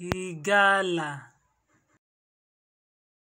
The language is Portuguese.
Igala